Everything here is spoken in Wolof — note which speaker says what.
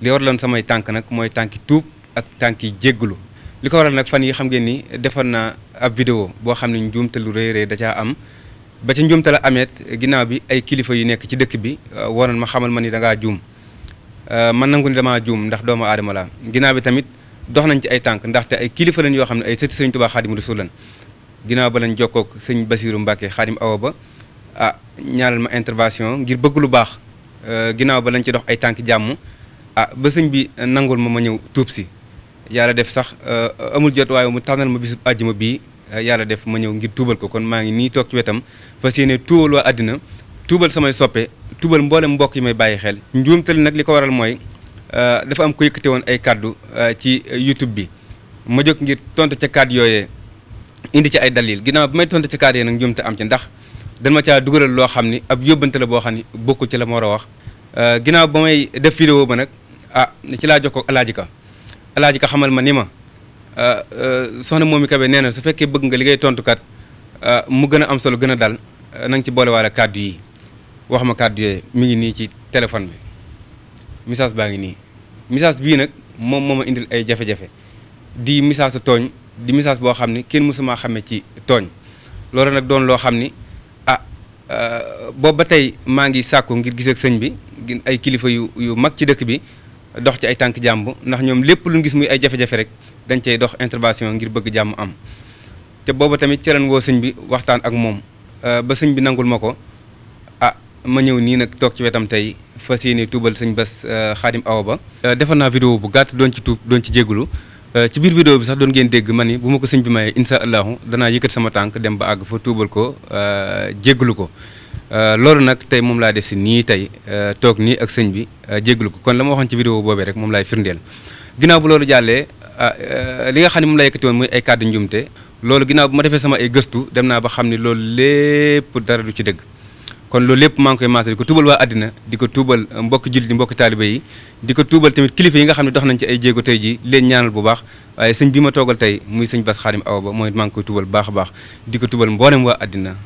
Speaker 1: li war waraloon samay tànk nag mooy tànki tuub ak tànki jégglu li ko waral nag fan yi xam ngeen ni defoon naa ab vidéo boo xam ne njuumte lu rëy rëy da am ba ca njuumte la ameet ginnaaw bi ay kilifa yu nekk ci dëkk bi uh, waroon ma xamal ma ni da ngaa juum uh, man nangu ni damaa juum ndax doomu aadama la ginnaaw bi tamit dox nañ ci ay tànk ndaxte ay kilifa lañ yoo xam ne ay sëti sëriñ Tuubaa Xaadimu Rasuul lan ginnaaw ba lañ jokkook sëñ Basiiru Mbàkke Xaadim Awa Ba ah ñaanal ma intervention ngir bëgg lu baax uh, ginnaaw ba lañ ci dox ay tànk jàmm ah ba sëñ bi nangul ma ma ñëw tuub si yàlla def sax euh, amul jot waaye mu tànnal ma bisu àjjuma bii euh, yàlla def ma ñëw ngir tuubal ko kon maa ngi nii toog ci wetam fas yéene tuubal waa àddina tuubal samay soppe tuubal mboolem mbokk yi may bàyyi xel njuumtal nag li ko waral mooy euh, dafa am ko yëkkate woon ay kàddu ci YouTube bi ma jóg ngir tontu ca kàddu yooyee indi ci ay dalil ginnaaw bi may tontu ca kàddu yee nag njuumte am ci ndax dan ma caa dugalal loo xam ni ab yóbbante la boo xam ni bokkul ci la ma war a wax ginnaaw ba may def nag ah ci laa jokkoo ak alaaji ka alaaji ka xamal ma ni ma ah, ah, soxna Momy Kébé nee na su fekkee bëgg nga li ngay tontukat ah, mu gën a am solo gën a dal na nga ci boolewaale kàddu yi wax ma kàddu yooyu mi ngi nii ci téléphone bi message baa ngi nii message bii nag moom moom ma indil ay jafe-jafe di message su tooñ di message boo xam ne kenn mësumaa xamee ci tooñ loolu nag doon loo xam ni ah boobu tey maa ngi sàkku ngir gis sëñ bi ngir ay kilifa yu yu mag ci dëkk bi dox ci ay tànk jàmb ndax ñoom lépp lu gis muy ay jafe-jafe rek dañ cay dox intervention ngir bëgg jàmm am te booba tamit ci ren woo sëñ bi waxtaan ak moom euh, ba sëñ bi nangul ma ko ah ma ñëw nii nag toog ci wetam tey fas yéene tuubal sëñ bas xaadim euh, awa ba euh, defar naa vidéo bu gàtt doon ci tuub doon ci jégalu ci biir vidéo bi sax doon ngeen dégg ma ni bu ma ko sëñ bi mayee incha allahu danaa yëkkat sama tànk dem ba àgg fa tuubal ko jégalu ko Euh, loolu nag tey moom laa def si nii tey euh, toog nii ak sëñ bi euh, jéglu ko kon la ma waxoon ci vidéo boobe rek moom laay firndeel ginnaaw bu loolu jàllee ah, li nga xam ne moom laa yëkkati woon muy ay kàddu njumte loolu ginnaaw bu ma defee sama ay gëstu dem naa ba xam ne loolu lépp dara du ci dëgg kon loolu lépp maa ngi ko tuubal waa àddina di ko tuubal mbokki jullit di mbokki taalibe di ko tuubal tamit kilifa yi nga xam ne dox nañ ci ay jéego ji leen bu baax waaye sëñ bi ma toogal tey muy sëñ Bass Xaadim Awa Ba mooy maa ngi koy tuubal baax baax di ko tuubal mboolem waa addina